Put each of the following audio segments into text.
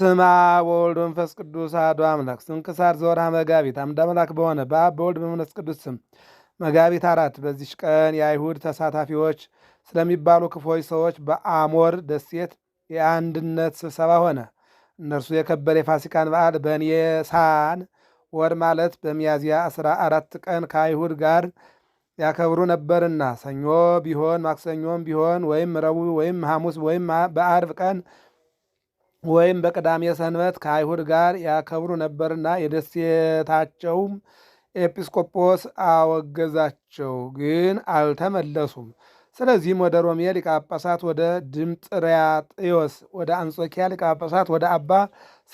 ስማ ወወልድ መንፈስ ቅዱስ አሐዱ አምላክ። ስንክሳር ዘወርኀ መጋቢት። አምድ አምላክ በሆነ በአብ በወልድ በመንፈስ ቅዱስ ስም መጋቢት አራት በዚች ቀን የአይሁድ ተሳታፊዎች ስለሚባሉ ክፎች ሰዎች በአሞር ደሴት የአንድነት ስብሰባ ሆነ። እነርሱ የከበረ የፋሲካን በዓል በኒሳን ወር ማለት በሚያዝያ አስራ አራት ቀን ከአይሁድ ጋር ያከብሩ ነበርና ሰኞ ቢሆን ማክሰኞም ቢሆን ወይም ረቡዕ ወይም ሐሙስ ወይም በአርብ ቀን ወይም በቅዳሜ ሰንበት ከአይሁድ ጋር ያከብሩ ነበርና የደሴታቸውም ኤጲስቆጶስ አወገዛቸው፣ ግን አልተመለሱም። ስለዚህም ወደ ሮሜ ሊቀ ጳጳሳት ወደ ድምጥሪያጥዮስ፣ ወደ አንጾኪያ ሊቀ ጳጳሳት ወደ አባ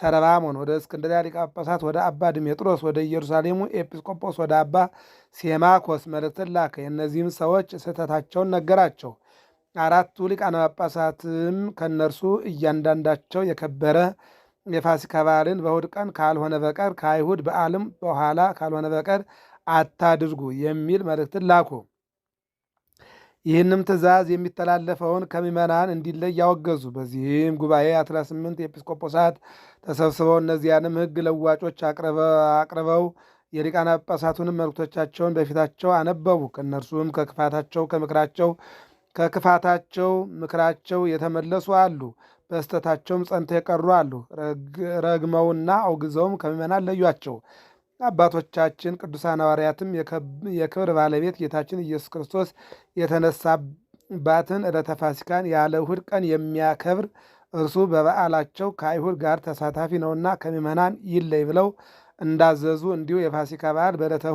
ሰረባሞን፣ ወደ እስክንድሪያ ሊቀ ጳጳሳት ወደ አባ ድሜጥሮስ፣ ወደ ኢየሩሳሌሙ ኤጲስቆጶስ ወደ አባ ሴማኮስ መልእክትን ላከ። የእነዚህም ሰዎች ስህተታቸውን ነገራቸው። አራቱ ሊቃነ ጳጳሳትም ከእነርሱ እያንዳንዳቸው የከበረ የፋሲካ በዓልን በሁድ ቀን ካልሆነ በቀር ከአይሁድ በዓልም በኋላ ካልሆነ በቀር አታድርጉ የሚል መልእክትን ላኩ። ይህንም ትእዛዝ የሚተላለፈውን ከምዕመናን እንዲለይ ያወገዙ። በዚህም ጉባኤ አስራ ስምንት ኤጲስቆጶሳት ተሰብስበው እነዚያንም ሕግ ለዋጮች አቅርበው የሊቃነ ጳጳሳቱንም መልእክቶቻቸውን በፊታቸው አነበቡ። ከእነርሱም ከክፋታቸው ከምክራቸው ከክፋታቸው ምክራቸው የተመለሱ አሉ፣ በስተታቸውም ጸንተው የቀሩ አሉ። ረግመውና አውግዘውም ከምእመናን ለዩአቸው። አባቶቻችን ቅዱሳን ሐዋርያትም የክብር ባለቤት ጌታችን ኢየሱስ ክርስቶስ የተነሳባትን ዕለተ ፋሲካን ያለ እሁድ ቀን የሚያከብር እርሱ በበዓላቸው ከአይሁድ ጋር ተሳታፊ ነውና ከምእመናን ይለይ ብለው እንዳዘዙ እንዲሁ የፋሲካ በዓል በዕለተ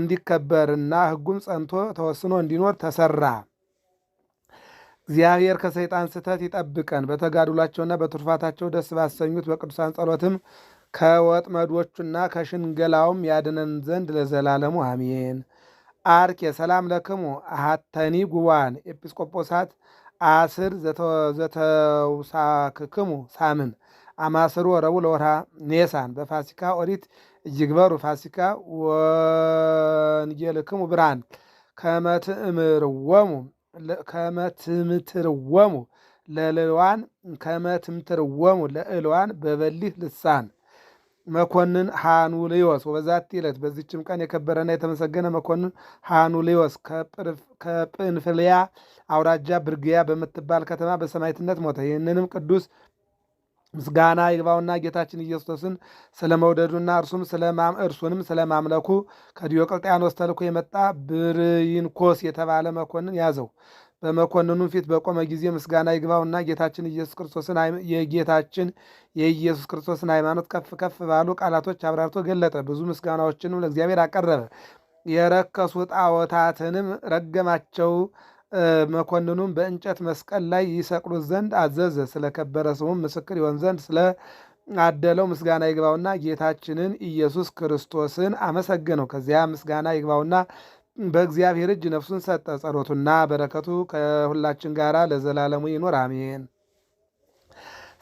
እንዲከበርና ሕጉም ጸንቶ ተወስኖ እንዲኖር ተሰራ። እግዚአብሔር ከሰይጣን ስህተት ይጠብቀን። በተጋድሏቸውና በትርፋታቸው ደስ ባሰኙት በቅዱሳን ጸሎትም ከወጥመዶቹና ከሽንገላውም ያድነን ዘንድ ለዘላለሙ አሜን። አርኬ ሰላም ለክሙ አሃተኒ ጉባን ኤጲስቆጶሳት አስር ዘተውሳክክሙ ሳምን አማስሩ ወረቡ ለወርሃ ኔሳን በፋሲካ ኦሪት እጅግበሩ ፋሲካ ወንጌልክሙ ብርሃን ወሙ ከመትምትርወሙ ለልዋን ከመትምትርወሙ ለእልዋን በበሊህ ልሳን መኮንን ሃኑልዮስ ወበዛቲ ዕለት በዚችም ቀን የከበረና የተመሰገነ መኮንን ሃኑልዮስ ከጵንፍልያ አውራጃ ብርግያ በምትባል ከተማ በሰማዕትነት ሞተ። ይህንንም ቅዱስ ምስጋና ይግባውና ጌታችን ኢየሱስን ስለ መውደዱና እርሱም እርሱንም ስለ ማምለኩ ከዲዮቅልጥያኖስ ተልኮ የመጣ ብርይንኮስ የተባለ መኮንን ያዘው። በመኮንኑም ፊት በቆመ ጊዜ ምስጋና ይግባውና ጌታችን ኢየሱስ ክርስቶስን የጌታችን የኢየሱስ ክርስቶስን ሃይማኖት ከፍ ከፍ ባሉ ቃላቶች አብራርቶ ገለጠ። ብዙ ምስጋናዎችንም ለእግዚአብሔር አቀረበ። የረከሱ ጣዖታትንም ረገማቸው መኮንኑም በእንጨት መስቀል ላይ ይሰቅሉት ዘንድ አዘዘ። ስለከበረ ስሙም ምስክር ይሆን ዘንድ ስለ አደለው ምስጋና ይግባውና ጌታችንን ኢየሱስ ክርስቶስን አመሰገነው። ከዚያ ምስጋና ይግባውና በእግዚአብሔር እጅ ነፍሱን ሰጠ። ጸሎቱና በረከቱ ከሁላችን ጋር ለዘላለሙ ይኖር አሜን።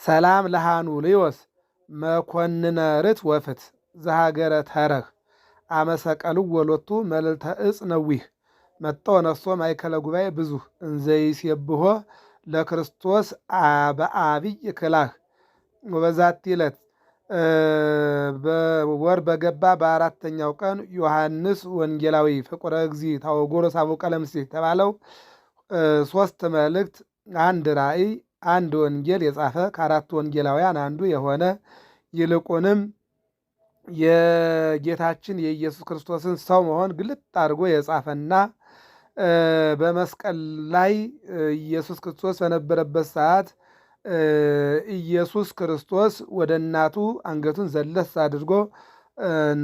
ሰላም ለሃኑ ልዮስ መኮንነ ርት ወፍት ዘሀገረ ተረህ አመሰቀሉ ወሎቱ መልዕልተ ነዊህ መጥተው ነሶ ማይከለ ጉባኤ ብዙ እንዘይሴብሆ ለክርስቶስ በአብይ ክላህ ወበዛት ይለት ወር በገባ በአራተኛው ቀን ዮሐንስ ወንጌላዊ ፍቁረ እግዚእ ታወጎሮ ሳቡቀ ለምሴ ተባለው ሶስት መልእክት፣ አንድ ራእይ፣ አንድ ወንጌል የጻፈ ከአራቱ ወንጌላውያን አንዱ የሆነ ይልቁንም የጌታችን የኢየሱስ ክርስቶስን ሰው መሆን ግልጥ አድርጎ የጻፈና በመስቀል ላይ ኢየሱስ ክርስቶስ በነበረበት ሰዓት ኢየሱስ ክርስቶስ ወደ እናቱ አንገቱን ዘለስ አድርጎ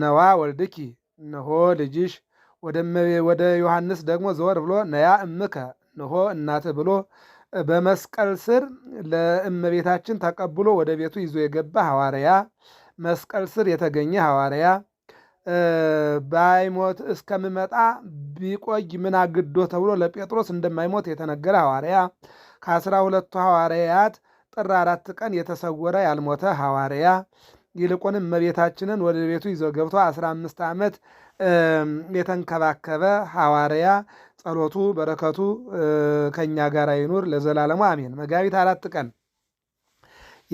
ነዋ ወልድኪ እነሆ ልጅሽ፣ ወደ ዮሐንስ ደግሞ ዘወር ብሎ ነያ እምከ እነሆ እናት ብሎ በመስቀል ስር ለእመቤታችን ተቀብሎ ወደ ቤቱ ይዞ የገባ ሐዋርያ መስቀል ስር የተገኘ ሐዋርያ ባይሞት እስከምመጣ ቢቆይ ምን አግዶ ተብሎ ለጴጥሮስ እንደማይሞት የተነገረ ሐዋርያ ከአስራ ሁለቱ ሐዋርያት ጥር አራት ቀን የተሰወረ ያልሞተ ሐዋርያ ይልቁንም እመቤታችንን ወደ ቤቱ ይዞ ገብቶ አስራ አምስት ዓመት የተንከባከበ ሐዋርያ ጸሎቱ በረከቱ ከእኛ ጋር ይኑር ለዘላለሙ አሜን። መጋቢት አራት ቀን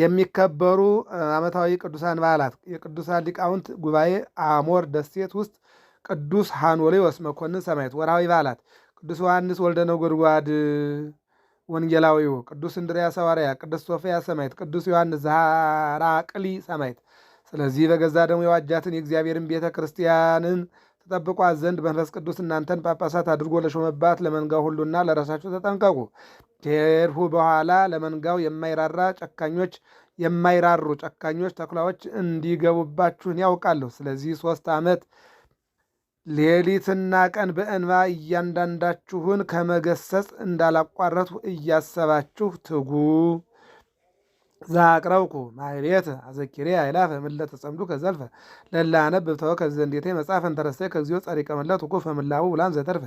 የሚከበሩ ዓመታዊ ቅዱሳን በዓላት የቅዱሳን ሊቃውንት ጉባኤ አሞር ደሴት ውስጥ ቅዱስ ሐኖሌዎስ መኮንን ሰማዕት። ወርሃዊ በዓላት ቅዱስ ዮሐንስ ወልደ ነጎድጓድ ወንጌላዊው፣ ቅዱስ እንድርያስ ሰዋርያ ቅዱስ ሶፊያ ሰማዕት፣ ቅዱስ ዮሐንስ ዘሐራቅሊ ሰማዕት። ስለዚህ በገዛ ደግሞ የዋጃትን የእግዚአብሔርን ቤተ ክርስቲያንን ተጠብቋት ዘንድ መንፈስ ቅዱስ እናንተን ጳጳሳት አድርጎ ለሾመባት ለመንጋው ሁሉና ለራሳችሁ ተጠንቀቁ። ከሄድሁ በኋላ ለመንጋው የማይራራ ጨካኞች የማይራሩ ጨካኞች ተኩላዎች እንዲገቡባችሁን ያውቃለሁ። ስለዚህ ሦስት ዓመት ሌሊትና ቀን በእንባ እያንዳንዳችሁን ከመገሰጽ እንዳላቋረጥሁ እያሰባችሁ ትጉ። ዛቅረብኩ ማሕሌተ አዘኪሬ አእላፈ ምለተ ጸምዱ ከዘልፈ ለላ አነብብ ተወከፍ ዘንዴተ መጽሐፈ እንተረሰ ከዚሁ ጸሪቀ መለት ውቁፍ ምላቡ ብላን ዘተርፈ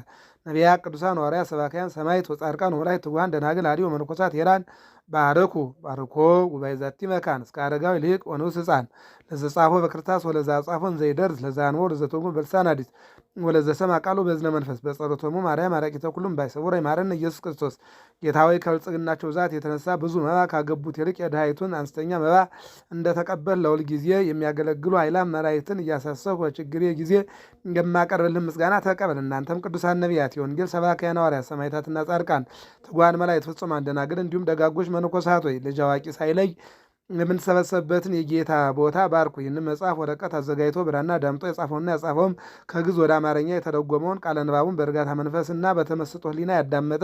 ነቢያ ቅዱሳን ዋርያ ሰባካያን ሰማይት ወጻድቃን ወላእተ ትጉሃን ደናግል አዲው መነኮሳት ሄራን ባርኩ ባርኮ ጉባኤ ዛቲ መካን እስከ አረጋዊ ልሂቅ ወንዑስ ሕፃን ለዘጻፎ በክርታስ ወለዛ ጻፎን ዘይደርስ ለዛንቦ ለዘተርጎ በልሳን አዲስ ወለዘሰማ ቃሉ በዝነ መንፈስ በጸሎቶሙ ማርያም አራቂተ ኩሉም ባይሰውራ ይማረን ኢየሱስ ክርስቶስ። ጌታ ሆይ ከብልጽግናቸው ዛት የተነሳ ብዙ መባ ካገቡት ይልቅ የድሃይቱን አነስተኛ መባ እንደተቀበል ለሁል ጊዜ የሚያገለግሉ ኃይላን መላእክትን እያሳሰብኩ በችግሬ ጊዜ የማቀርብልን ምስጋና ተቀበል። እናንተም ቅዱሳን ነቢያት፣ የወንጌል ሰባክያን ሐዋርያት፣ ሰማዕታትና ጻድቃን፣ ትጉሃን መላእክት፣ ፍጹማን ደናግል እንዲሁም ደጋጎች መነኮሳት ወይ ልጅ አዋቂ ሳይለይ የምንሰበሰብበትን የጌታ ቦታ ባርኩ። ይህን መጽሐፍ ወረቀት አዘጋጅቶ ብራና ዳምጦ የጻፈውና ያጻፈውም ከግዕዝ ወደ አማርኛ የተደጎመውን ቃለ ንባቡን በእርጋታ መንፈስና በተመስጦ ሕሊና ያዳመጠ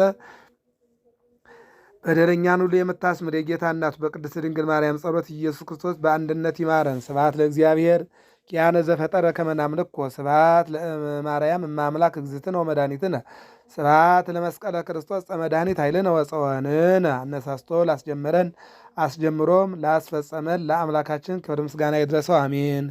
በደለኛን ሁሉ የምታስምር የጌታ እናቱ በቅድስት ድንግል ማርያም ጸሎት ኢየሱስ ክርስቶስ በአንድነት ይማረን። ስብሐት ለእግዚአብሔር ያነ ዘፈጠረ ከመናምልኮ ስብሐት ለማርያም እማምላክ እግዝእትነ ወመድኃኒትነ ስብሐት ለመስቀለ ክርስቶስ መድኃኒት ኃይልነ ወፀወንነ። አነሳስቶ ላስጀመረን አስጀምሮም ላስፈጸመን ለአምላካችን ክብር ምስጋና ይድረሰው፣ አሜን።